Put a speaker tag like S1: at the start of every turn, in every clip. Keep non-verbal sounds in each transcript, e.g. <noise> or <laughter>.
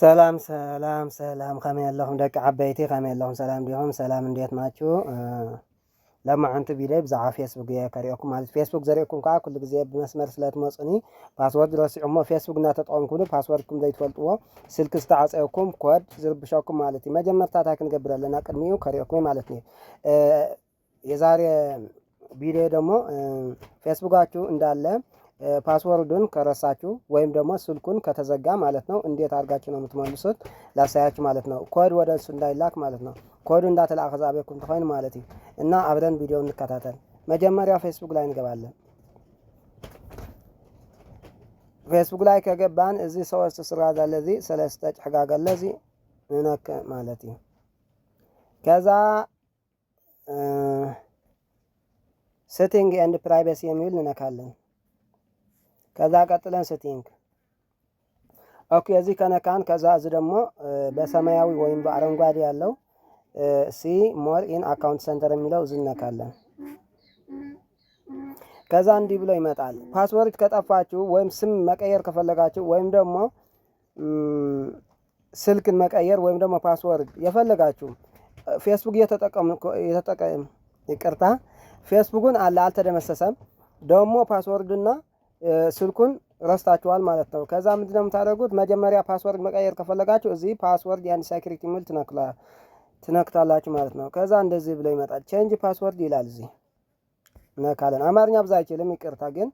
S1: ሰላም ሰላም ሰላም ከመይ ኣለኹም ደቂ ዓበይቲ ከመይ ኣለኹም ሰላም ዲኹም ሰላም እንዴት ናችሁ ለማዓንቲ ቢለይ ብዛዕባ ፌስቡክ እየ ከሪኦኩም ማለት ፌስቡክ ዘሪእኩም ከዓ ኩሉ ግዜ ብመስመር ስለ ትመፁኒ ፓስወርድ ረሲዑ ሞ ፌስቡክ እናተጠቐምኩሉ ፓስወርድኩም ዘይትፈልጥዎ ስልክ ዝተዓፀየኩም ኮድ ዝርብሸኩም ማለት እዩ መጀመርታታ ክንገብር ኣለና ቅድሚኡ ከሪኦኩም ማለት እዩ የዛሬ ቪድዮ ደሞ ፌስቡካችሁ እንዳለ ፓስወርዱን ከረሳችሁ ወይም ደግሞ ስልኩን ከተዘጋ ማለት ነው እንዴት አድርጋችሁ ነው የምትመልሱት ላሳያችሁ ማለት ነው። ኮድ ወደ እሱ እንዳይላክ ማለት ነው። ኮዱ እንዳተላከ ዛቤኩም ትኮይን ማለት እዩ እና አብረን ቪዲዮ እንከታተል። መጀመሪያ ፌስቡክ ላይ እንገባለን። ፌስቡክ ላይ ከገባን እዚ ሰወስተ ስራ ዘለዚ ሰለስተ ጭሕጋገ ገለዚ ንነክ ማለት እዩ ከዛ ሴቲንግ ኤንድ ፕራይቬሲ የሚል ንነካለን። ከዛ ቀጥለን ስቲንግ ኦኬ። እዚህ ከነካን ከዛ እዚህ ደግሞ በሰማያዊ ወይም በአረንጓዴ ያለው ሲ ሞር ኢን አካውንት ሰንተር የሚለው እዚህ እነካለን። ከዛ እንዲህ ብሎ ይመጣል። ፓስወርድ ከጠፋችሁ ወይም ስም መቀየር ከፈለጋችሁ ወይም ደግሞ ስልክን መቀየር ወይም ደግሞ ፓስወርድ የፈለጋችሁ ፌስቡክ የተጠቀም ይቅርታ፣ ፌስቡክን አለ አልተደመሰሰም። ደግሞ ፓስወርድና ስልኩን ረስታችኋል ማለት ነው። ከዛ ነው የምታደርጉት? መጀመሪያ ፓስወርድ መቀየር ከፈለጋችሁ እዚህ ፓስወርድ ያን ሴክሪቲ ሚል ትነክታላችሁ ማለት ነው። ከዛ እንደዚህ ብሎ ይመጣል። ቼንጅ ፓስወርድ ይላል። እዚህ ነካለን። አማርኛ ብዛ አይችልም፣ ይቅርታ ግን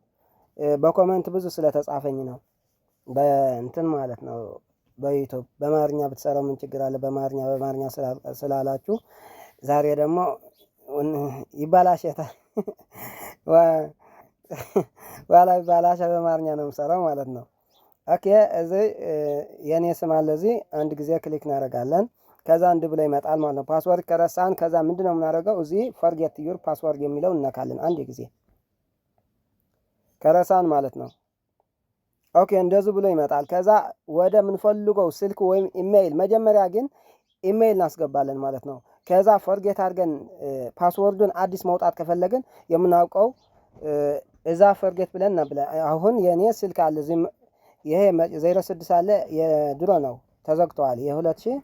S1: በኮመንት ብዙ ስለተጻፈኝ ነው። በእንትን ማለት ነው በዩቱብ በማርኛ ብትሰራው ምን ችግር አለ? በማርኛ በማርኛ ስላላችሁ ዛሬ ደግሞ ይባላሸታል። <laughs> ባላ ባላሻ በአማርኛ ነው የምሰራው ማለት ነው። ኦኬ እዚህ የእኔ ስም አለ። እዚህ አንድ ጊዜ ክሊክ እናደርጋለን። ከዛ አንድ ብሎ ይመጣል ማለት ነው። ፓስወርድ ከረሳን ከዛ ምንድን ነው የምናደርገው? እዚህ ፎርጌት ዩር ፓስወርድ የሚለው እነካለን አንድ ጊዜ ከረሳን ማለት ነው። ኦኬ እንደዚህ ብሎ ይመጣል። ከዛ ወደ ምንፈልገው ስልክ ወይም ኢሜይል መጀመሪያ ግን ኢሜይል እናስገባለን ማለት ነው። ከዛ ፎርጌት አድርገን ፓስወርዱን አዲስ መውጣት ከፈለግን የምናውቀው እዛ ፈርጌት ብለን ብለ አሁን የእኔ ስልክ አለ ይሄ ዜሮ ስድስት አለ የድሮ ነው ተዘግተዋል። የሁለት ሺህ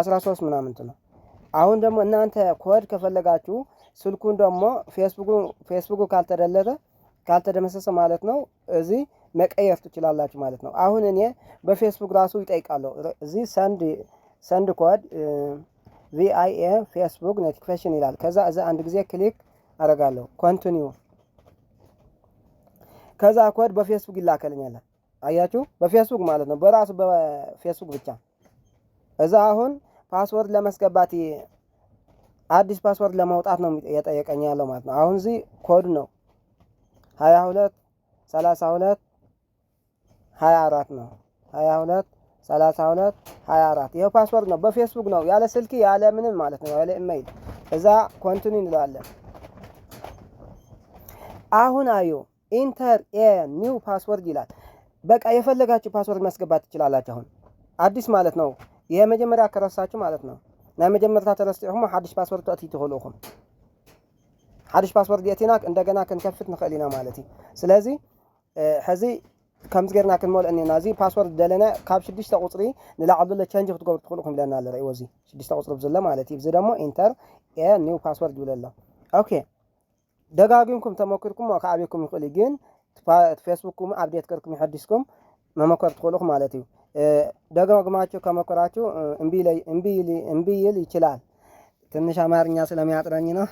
S1: አስራ ሶስት ምናምንት ነው። አሁን ደግሞ እናንተ ኮድ ከፈለጋችሁ ስልኩን ደግሞ ፌስቡኩ ፌስቡኩ ካልተደለተ ካልተደመሰሰ ማለት ነው እዚህ መቀየር ትችላላችሁ ማለት ነው። አሁን እኔ በፌስቡክ ራሱ ይጠይቃለሁ እዚህ ሰንድ ሰንድ ኮድ ቪአይኤ ፌስቡክ ኖቲፊኬሽን ይላል። ከዛ እዚ አንድ ጊዜ ክሊክ አረጋለሁ ኮንቲኒው ከዛ ኮድ በፌስቡክ ይላከልኛል። አያችሁ፣ በፌስቡክ ማለት ነው፣ በራሱ በፌስቡክ ብቻ። እዛ አሁን ፓስወርድ ለመስገባት አዲስ ፓስወርድ ለማውጣት ነው የጠየቀኝ ያለው ማለት ነው። አሁን እዚህ ኮድ ነው 22 32 24 ነው 22 32 24 ይሄ ፓስወርድ ነው። በፌስቡክ ነው ያለ ስልክ ያለ ምንም ማለት ነው ያለ ኢሜይል። እዛ ኮንቲኒ እንለዋለን። አሁን አዩ ኢንተር ኤ ኒው ፓስወርድ ይላል። በቃ የፈለጋችሁ ፓስወርድ ማስገባት ትችላላችሁ። አሁን አዲስ ማለት ነው። የመጀመሪያ ከረሳችሁ ማለት ነው። ናይ መጀመርታ ተረስቲዕኹም ሓድሽ ፓስወርድ ተእትዩ ትኽእሉ ሓድሽ ፓስወርድ የእትና እንደገና ክንከፍት ንኽእል ኢና ማለት እዩ ስለዚ ሕዚ ከምዚ ጌርና ክንመልኦ እኒና እዚ ፓስወርድ ደለና ካብ ሽዱሽተ ቁፅሪ ንላዕሊ ዘሎ ቸንጅ ክትገብሩ ትኽእሉ ይብለና ኣሎ ርእይዎ እዚ ሽዱሽተ ቁፅሪ ብዘሎ ማለት እዩ እዚ ደሞ ኢንተር ኒው ፓስወርድ ይብለ ኣሎ ኦኬ ደጋጊምኩም ተመኪርኩም ከዓብየኩም ይኽእል እዩ ግን ፌስቡክኩም ኣብዴት ቅርኩም ይሐዲስኩም መመኮር ትኽእልኹ ማለት እዩ ደጋግማችሁ ከመኮራችሁ እምቢ ይችላል። ትንሽ አማርኛ ስለሚያጥረኝ ነው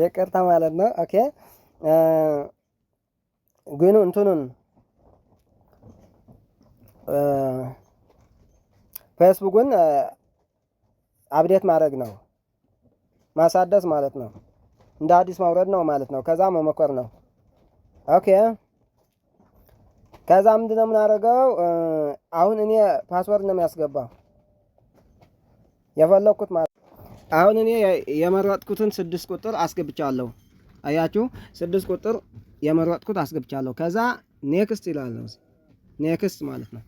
S1: ይቅርታ <laughs> ማለት ነው። ኦኬ ግኑ እንትኑን ፌስቡክን አብዴት ማድረግ ነው ማሳደስ ማለት ነው። እንደ አዲስ ማውረድ ነው ማለት ነው። ከዛ መመኮር ነው። ኦኬ ከዛ ምንድነው የምናደርገው? አሁን እኔ ፓስወርድ ነው የሚያስገባው የፈለኩት ማለት አሁን እኔ የመረጥኩትን ስድስት ቁጥር አስገብቻለሁ። አያችሁ ስድስት ቁጥር የመረጥኩት አስገብቻለሁ። ከዛ ኔክስት ይላል ነው ኔክስት ማለት ነው።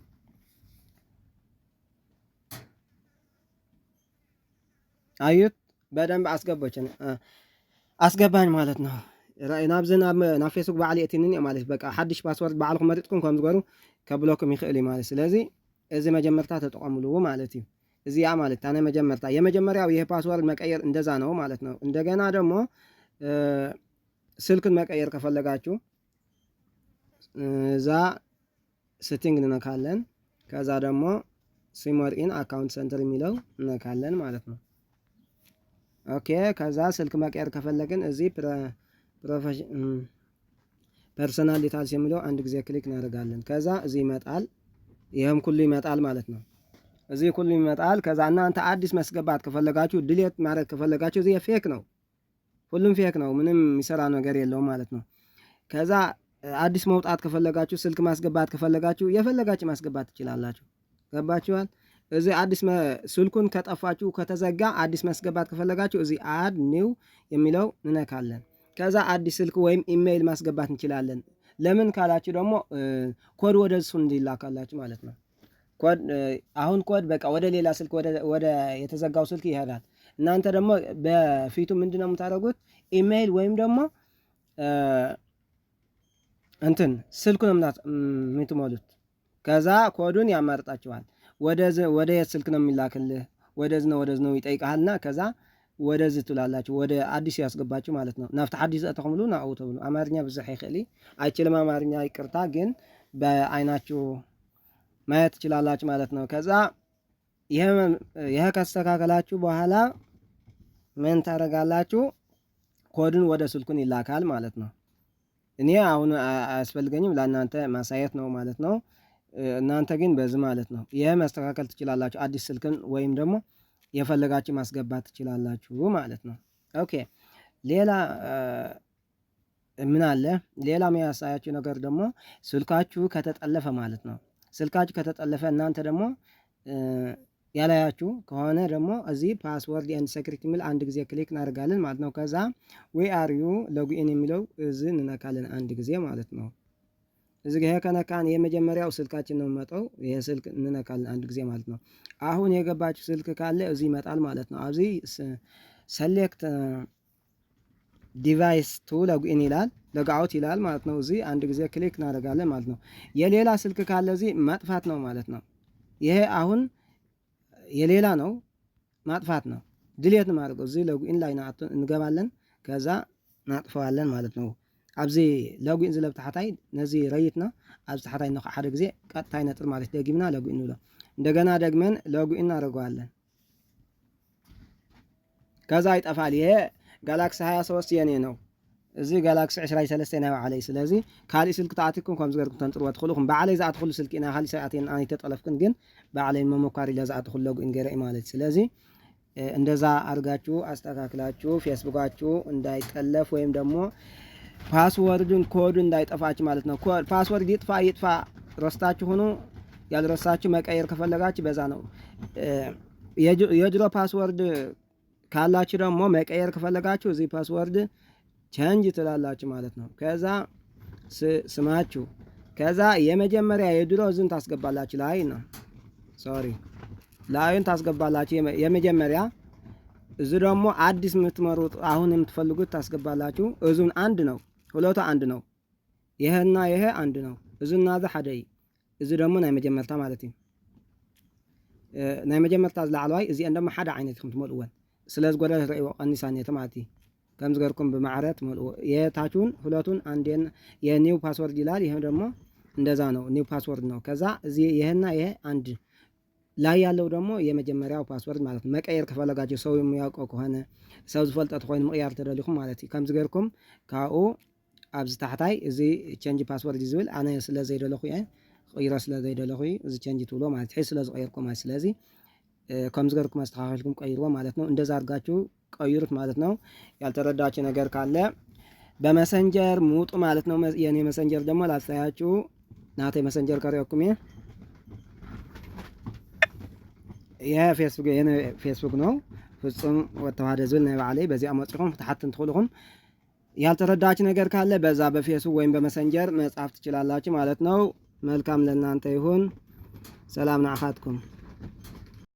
S1: አዩት በደንብ አስገቦችን ኣስገባኝ ማለት ነው ናብዚ ናብ ፌስቡክ በዓል የእትንን እየ ማለት እዩ በቃ ሓድሽ ፓስወርድ በዓልኩም መጢጥኩም ከም ዝገሩ ከብሎኩም ይኽእል እዩ ማለት ስለዚ እዚ መጀመርታ ተጠቀምሉዎ ማለት እዩ እዚኣ ማለት ናይ መጀመርታ የመጀመሪያው ይህ ፓስወርድ መቀየር እንደዛ ነው ማለት ነው። እንደገና ደሞ ስልክን መቀየር ከፈለጋችሁ እዛ ስቲንግ ንነካለን ከዛ ደሞ ሲሞር ኣካውንት ሰንተር የሚለው እነካለን ማለት ነው። ኦኬ ከዛ ስልክ መቀየር ከፈለግን እዚህ ፐርሰናል ዲታልስ የሚለው አንድ ጊዜ ክሊክ እናደርጋለን። ከዛ እዚህ ይመጣል። ይህም ሁሉ ይመጣል ማለት ነው። እዚህ ሁሉ ይመጣል። ከዛ እናንተ አዲስ መስገባት ከፈለጋችሁ፣ ድሌት ማድረግ ከፈለጋችሁ እዚህ ፌክ ነው፣ ሁሉም ፌክ ነው። ምንም የሚሰራ ነገር የለውም ማለት ነው። ከዛ አዲስ መውጣት ከፈለጋችሁ፣ ስልክ ማስገባት ከፈለጋችሁ፣ የፈለጋችሁ ማስገባት ትችላላችሁ። ገባችኋል? እዚህ አዲስ ስልኩን ከጠፋችሁ ከተዘጋ አዲስ ማስገባት ከፈለጋችሁ እዚህ አድ ኒው የሚለው እንነካለን። ከዛ አዲስ ስልክ ወይም ኢሜይል ማስገባት እንችላለን። ለምን ካላችሁ ደግሞ ኮድ ወደ እሱ እንዲላካላችሁ ማለት ነው። አሁን ኮድ በቃ ወደ ሌላ ስልክ ወደ የተዘጋው ስልክ ይሄዳል። እናንተ ደግሞ በፊቱ ምንድነው የምታደርጉት? ኢሜይል ወይም ደግሞ እንትን ስልኩን የምትሞሉት ከዛ ኮዱን ያመርጣችኋል። ወደ የት ስልክ ነው የሚላክልህ? ወደዝ ነው ወደዝ ነው ይጠይቀሃልና ከዛ ወደዝ ትብላላችሁ። ወደ አዲስ ያስገባችሁ ማለት ነው። ናብቲ ሓዲስ እተኸምሉ ናብኡ ተብሉ። ኣማርኛ ብዙሕ ይኽእል ኣይችልም ኣማርኛ ይቅርታ፣ ግን ብዓይናችሁ ማየት ትችላላችሁ ማለት ነው። ከዛ ይህ ካስተካከላችሁ በኋላ ምን ታደርጋላችሁ? ኮድን ወደ ስልኩን ይላካል ማለት ነው። እኔ አሁን አያስፈልገኝም ለእናንተ ማሳየት ነው ማለት ነው። እናንተ ግን በዚህ ማለት ነው ይህ መስተካከል ትችላላችሁ። አዲስ ስልክን ወይም ደግሞ የፈለጋችሁ ማስገባት ትችላላችሁ ማለት ነው። ኦኬ ሌላ ምን አለ? ሌላ የሚያሳያችሁ ነገር ደግሞ ስልካችሁ ከተጠለፈ ማለት ነው። ስልካችሁ ከተጠለፈ እናንተ ደግሞ ያላያችሁ ከሆነ ደግሞ እዚህ ፓስወርድ ኤንድ ሴክሪት የሚል አንድ ጊዜ ክሊክ እናደርጋለን ማለት ነው። ከዛ ዊ አር ዩ ሎግኢን የሚለው እዚህ እንነካለን አንድ ጊዜ ማለት ነው። እዚህ ጋር ከነካን የመጀመሪያው ስልካችን ነው የሚመጣው። ይሄ ስልክ እንነካለን አንድ ጊዜ ማለት ነው። አሁን የገባችሁ ስልክ ካለ እዚህ ይመጣል ማለት ነው። አብዚ ሰሌክት ዲቫይስ ቱ ለጉኢን ይላል ለጋውት ይላል ማለት ነው። እዚህ አንድ ጊዜ ክሊክ እናደርጋለን ማለት ነው። የሌላ ስልክ ካለ እዚህ ማጥፋት ነው ማለት ነው። ይሄ አሁን የሌላ ነው ማጥፋት ነው። ድሌት ነው ማድረገው። እዚህ ለጉኢን ላይ እንገባለን ከዛ እናጥፈዋለን ማለት ነው። ኣብዚ ለጉእን ዝለብ ታሕታይ ነዚ ረይትና ኣብዚ ታሕታይ ሓደ ግዜ ቀጥታይ ነጥር ማለት ደጊምና ለጉእ ንብሎ እንደገና ደግመን ለጉእ እናደርገዋለን ከዛ ይጠፋል እየ ጋላክሲ 23 የኔ ነው እዚ ጋላክሲ 23 ናይ ባዕለይ ስለዚ ካሊእ ስልክ ተኣትኩም ከም ዝገርኩም ተንፅርዎ ኹም ባዕለይ ዝኣትኽሉ ስልኪ ኢና ካሊእ ሰብ ኣትየን ኣነ ተጠለፍኩን ግን ባዕለይ መሞካሪ ኢለ ዝኣትኩሉ ለጉእን ገይረ እዩ ማለት እዩ ስለዚ እንደዛ ኣርጋችሁ ኣስተካክላችሁ ፌስቡካችሁ እንዳይጠለፍ ወይም ደሞ ፓስወርድን ኮድ እንዳይጠፋች ማለት ነው። ፓስወርድ ይጥፋ ይጥፋ ረስታችሁ ሆኖ ያልረሳችሁ መቀየር ከፈለጋችሁ በዛ ነው። የድሮ ፓስወርድ ካላችሁ ደግሞ መቀየር ከፈለጋችሁ እዚህ ፓስወርድ ቸንጅ ትላላችሁ ማለት ነው። ከዛ ስማችሁ ከዛ የመጀመሪያ የድሮ ዝን ታስገባላችሁ ላይ ነው ሶሪ ላዩን ታስገባላችሁ የመጀመሪያ እዚ ደግሞ አዲስ የምትመሩት አሁን የምትፈልጉት ታስገባላችሁ። እዙን አንድ ነው። ሁለቱ አንድ ነው። ይሄና ይሄ አንድ ነው። እዚና እዚ ሓደ እዩ እዚ ደሞ ናይ መጀመርታ ማለት እዩ ናይ መጀመርታ ዝላዕለዋይ እዚአን ድማ ሓደ ዓይነት ኢኹም ትመልእወን ስለ ዝጎደለ ትሪእዎ ቀኒሳ ኔተ ማለት እዩ ከም ዝገርኩም ብማዕረ ትመልእዎ የታችውን ሁለቱን አንዴን የኒው ፓስወርድ ይላል። ይሄ ደሞ እንደዛ ነው። ኒው ፓስወርድ ነው። ከዛ እዚ ይሄና ይሄ አንድ ላይ ያለው ደግሞ የመጀመሪያው ፓስወርድ ማለት ነው። መቀየር ከፈለጋችሁ ሰው የሚያውቀው ከሆነ ሰብ ዝፈልጠት ኮይኑ ምቅያር ተደሊኹም ማለት እዩ ከምዚ ገርኩም ካብኡ ኣብዚ ታሕታይ እዚ ቸንጅ ፓስወርድ ዝብል ኣነ ስለ ዘይደለኹ እየ ቅይሮ ስለ ዘይደለኹ እዚ ቸንጅ ትብሎ ማለት ሕ ስለ ዝቀይርኩ ማለት ስለዚ ከም ዝገርኩም ኣስተካከልኩም ቀይርዎ ማለት ነው እንደዛ ኣድርጋችሁ ቀይሩት ማለት ነው ያልተረዳችሁ ነገር ካለ በመሰንጀር ምውጡ ማለት ነው የኔ መሰንጀር ደግሞ ላሳያችሁ ናተይ መሰንጀር ከሪኦኩም እየ ይሄ ፌስቡክ ነው ፍፁም ወተዋህደ ዝብል ናይ ባዕለይ በዚኣ መፅኹም ክትሓትን ትኽእልኹም ያልተረዳች ነገር ካለ በዛ በፌስቡክ ወይም በመሰንጀር መጻፍ ትችላላችሁ ማለት ነው። መልካም ለእናንተ ይሁን። ሰላም ናአኻትኩም